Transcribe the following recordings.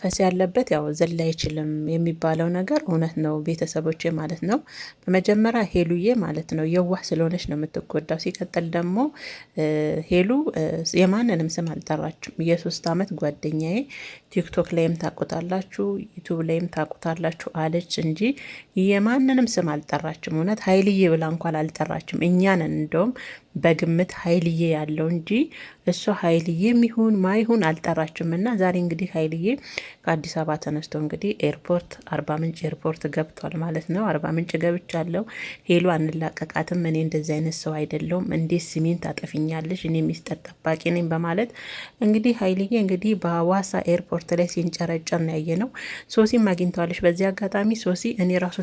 ፈስ ያለበት ያው ዘላ አይችልም የሚባለው ነገር እውነት ነው፣ ቤተሰቦች ማለት ነው። በመጀመሪያ ሄሉዬ ማለት ነው የዋህ ስለሆነች ነው የምትጎዳው። ሲቀጥል ደግሞ ሄሉ የማንንም ስም አልጠራችም። የሶስት አመት ጓደኛዬ ቲክቶክ ላይም ታቁታላችሁ፣ ዩቱብ ላይም ታቁታላችሁ አለች እንጂ የማንንም ስም አልጠራችም። እውነት ሀይልዬ ብላ እንኳን አልጠራችም። እኛንን እንደውም በግምት ሀይልዬ ያለው እንጂ እሷ ሀይልዬ የሚሆን ማይሆን አልጠራችም። እና ዛሬ እንግዲህ ሀይልዬ ከአዲስ አበባ ተነስቶ እንግዲህ ኤርፖርት አርባ ምንጭ ኤርፖርት ገብቷል ማለት ነው። አርባ ምንጭ ገብቻለሁ፣ ሄሉ አንላቀቃትም፣ እኔ እንደዚህ አይነት ሰው አይደለውም፣ እንዴት ስሜን ታጠፊኛለሽ? እኔ ሚስጥር ጠባቂ ነኝ በማለት እንግዲህ ሀይልዬ እንግዲህ በሀዋሳ ኤርፖርት ፓርት ላይ ሲንጨረጨር ነው ያየ ነው። ሶሲም አግኝተዋለች። በዚህ አጋጣሚ ሶሲ እኔ ራሱ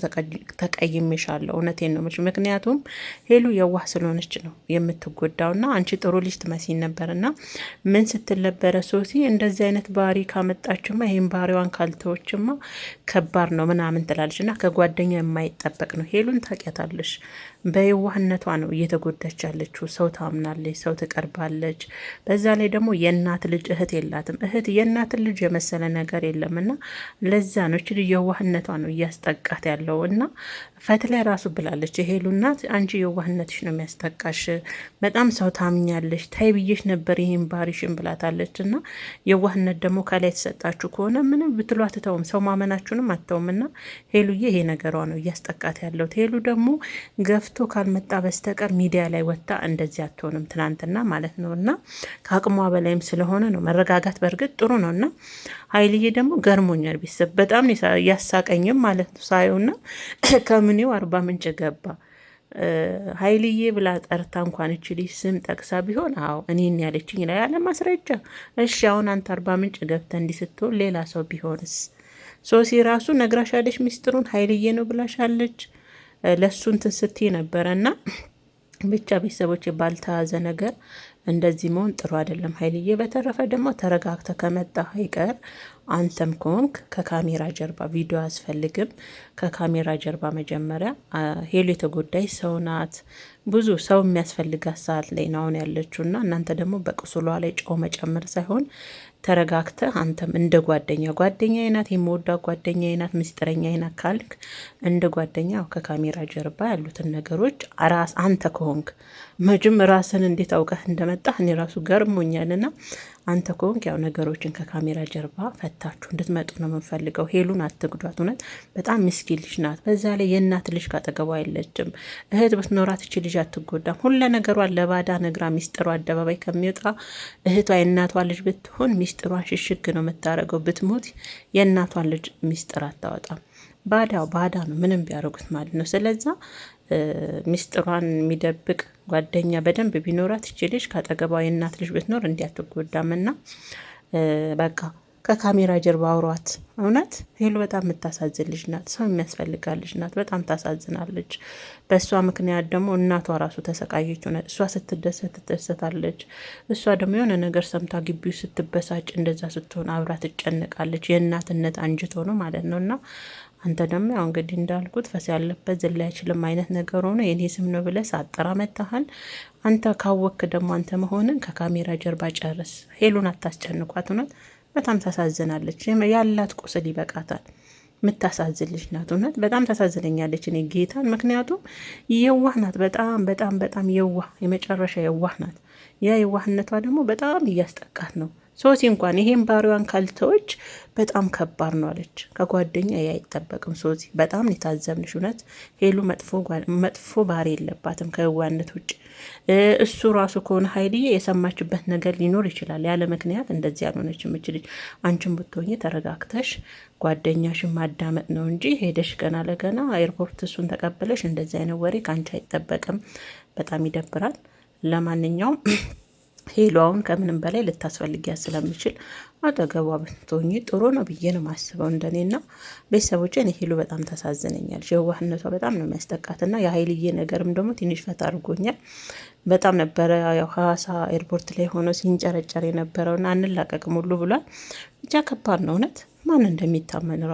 ተቀይሜሻለሁ፣ እውነቴን ነው። ምክንያቱም ሄሉ የዋህ ስለሆነች ነው የምትጎዳው። ና አንቺ ጥሩ ልጅ ትመስኝ ነበር ና ምን ስትል ነበረ ሶሲ እንደዚህ አይነት ባህሪ ካመጣችማ ይህን ባህሪዋን ካልተዎችማ ከባድ ነው ምናምን ትላለች። እና ከጓደኛ የማይጠበቅ ነው። ሄሉን ታውቂያታለሽ። በየዋህነቷ ነው እየተጎዳች ያለችው። ሰው ታምናለች፣ ሰው ትቀርባለች። በዛ ላይ ደግሞ የእናት ልጅ እህት የላትም። እህት የእናትን ልጅ የመሰለ ነገር የለም እና ለዛ ነው ችል የዋህነቷ ነው እያስጠቃት ያለው እና ፈት ላይ ራሱ ብላለች የሄሉ እናት አንቺ የዋህነትሽ ነው የሚያስጠቃሽ፣ በጣም ሰው ታምኛለሽ፣ ታይ ብዬሽ ነበር ይህን ባህሪሽን ብላታለች። እና የዋህነት ደግሞ ከላይ የተሰጣችሁ ከሆነ ምንም ብትሉ አትተውም፣ ሰው ማመናችሁንም አትተውም። እና ሄሉዬ ይሄ ነገሯ ነው እያስጠቃት ያለው። ሄሉ ደግሞ ገፍቶ ካልመጣ በስተቀር ሚዲያ ላይ ወጥታ እንደዚህ አትሆንም፣ ትናንትና ማለት ነው። እና ከአቅሟ በላይም ስለሆነ ነው መረጋጋት። በእርግጥ ጥሩ ነው እና ሀይልዬ ደግሞ ገርሞኛል። ቤተሰብ በጣም ያሳቀኝም ማለት ነው ሳየውና ከምኔው አርባ ምንጭ ገባ ሀይልዬ ብላ ጠርታ እንኳን እችል ስም ጠቅሳ ቢሆን አዎ እኔን ያለችኝ ላይ ያለ ማስረጃ። እሺ አሁን አንተ አርባ ምንጭ ገብተ እንዲህ ስትሆን ሌላ ሰው ቢሆንስ? ሶሲ ራሱ ነግራሻለች ሚስጥሩን ሀይልዬ ነው ብላሻለች። ለእሱ እንትን ስትይ ነበረ እና ብቻ ቤተሰቦች ባልተያዘ ነገር እንደዚህ መሆን ጥሩ አይደለም። ሀይልዬ በተረፈ ደግሞ ተረጋግተ ከመጣ አይቀር አንተም ከሆንክ ከካሜራ ጀርባ ቪዲዮ አያስፈልግም። ከካሜራ ጀርባ መጀመሪያ ሄሉ የተጎዳይ ሰው ናት። ብዙ ሰው የሚያስፈልጋት ሰዓት ላይ ነው አሁን ያለችው እና እናንተ ደግሞ በቁስሏ ላይ ጨው መጨመር ሳይሆን ተረጋግተህ አንተም እንደ ጓደኛ ጓደኛ አይናት የምወዳ ጓደኛ አይናት ምስጢረኛ አይናት ካልክ እንደ ጓደኛ ከካሜራ ጀርባ ያሉትን ነገሮች ራስ አንተ ከሆንክ መጅም ራስን እንዴት አውቀህ እንደመጣህ እኔ ራሱ ገርሞኛል። ና አንተ ከሆንክ ያው ነገሮችን ከካሜራ ጀርባ ፈታችሁ እንድትመጡ ነው የምንፈልገው። ሄሉን አትጉዷት። እውነት በጣም ምስኪን ልጅ ናት። በዛ ላይ የእናት ልጅ ካጠገቧ የለችም። እህት ብትኖራት እቺ ልጅ አትጎዳም። ሁለ ነገሯን ለባዳ ነግራ ሚስጥሯ አደባባይ ከሚወጣ እህቷ የእናቷ ልጅ ብትሆን ሚስጥሯን ሽሽግ ነው የምታደርገው። ብትሞት የእናቷን ልጅ ሚስጥር አታወጣም። ባዳው ባዳ ነው ምንም ቢያደርጉት ማለት ነው። ስለዛ ሚስጥሯን የሚደብቅ ጓደኛ በደንብ ቢኖራት ይች ልጅ ከአጠገቧ የእናት ልጅ ብትኖር እንዲህ አትጎዳም። በቃ ከካሜራ ጀርባ አውሯት። እውነት ሄሉ በጣም የምታሳዝን ልጅ ናት። ሰው የሚያስፈልጋት ልጅ ናት። በጣም ታሳዝናለች። በእሷ ምክንያት ደግሞ እናቷ ራሱ ተሰቃየች። ሆነ እሷ ስትደሰት ትደሰታለች። እሷ ደግሞ የሆነ ነገር ሰምታ ግቢው ስትበሳጭ እንደዛ ስትሆን አብራ ትጨነቃለች። የእናትነት አንጅቶ ነው ማለት ነው እና አንተ ደግሞ ያው እንግዲህ እንዳልኩት ፈስ ያለበት ዝላ አይችልም አይነት ነገር ሆኖ የኔ ስም ነው ብለህ ሳጠራ መታሃል። አንተ ካወክ ደግሞ አንተ መሆንን ከካሜራ ጀርባ ጨርስ። ሄሉን አታስጨንቋት። እውነት በጣም ታሳዝናለች። ያላት ቁስል ይበቃታል። የምታሳዝን ልጅ ናት። እውነት በጣም ታሳዝነኛለች እኔ ጌታን። ምክንያቱም የዋህ ናት። በጣም በጣም በጣም የዋህ የመጨረሻ የዋህ ናት። ያ የዋህነቷ ደግሞ በጣም እያስጠቃት ነው። ሶሲ እንኳን ይሄን ባህሪዋን ካልተወች በጣም ከባድ ነው አለች። ከጓደኛ ያ አይጠበቅም። ሶሲ በጣም የታዘብንሽ እውነት ሄሉ መጥፎ ባህሪ የለባትም ከህዋነት ውጭ። እሱ ራሱ ከሆነ ሀይልዬ የሰማችበት ነገር ሊኖር ይችላል። ያለ ምክንያት እንደዚህ ያልሆነች የምችልች አንቺን ብትሆኝ ተረጋግተሽ ጓደኛሽን ማዳመጥ ነው እንጂ ሄደሽ ገና ለገና ኤርፖርት እሱን ተቀብለሽ እንደዚህ አይነት ወሬ ከአንቺ አይጠበቅም። በጣም ይደብራል። ለማንኛውም ሄሏውን ከምንም በላይ ልታስፈልጊያት ስለምችል አጠገቧ ብትሆኚ ጥሩ ነው ብዬ ነው የማስበው። እንደኔና ቤተሰቦችን ሄሉ በጣም ተሳዝነኛል። የዋህነቷ በጣም ነው ና የሀይልዬ ነገርም ደግሞ ትንሽ ፈታ አድርጎኛል። በጣም ነበረ ያው ሀዋሳ ኤርፖርት ላይ ሆኖ ሲንጨረጨር የነበረውና አንላቀቅም ሁሉ ብሏል። ብቻ ከባድ ነው እውነት ማን እንደሚታመን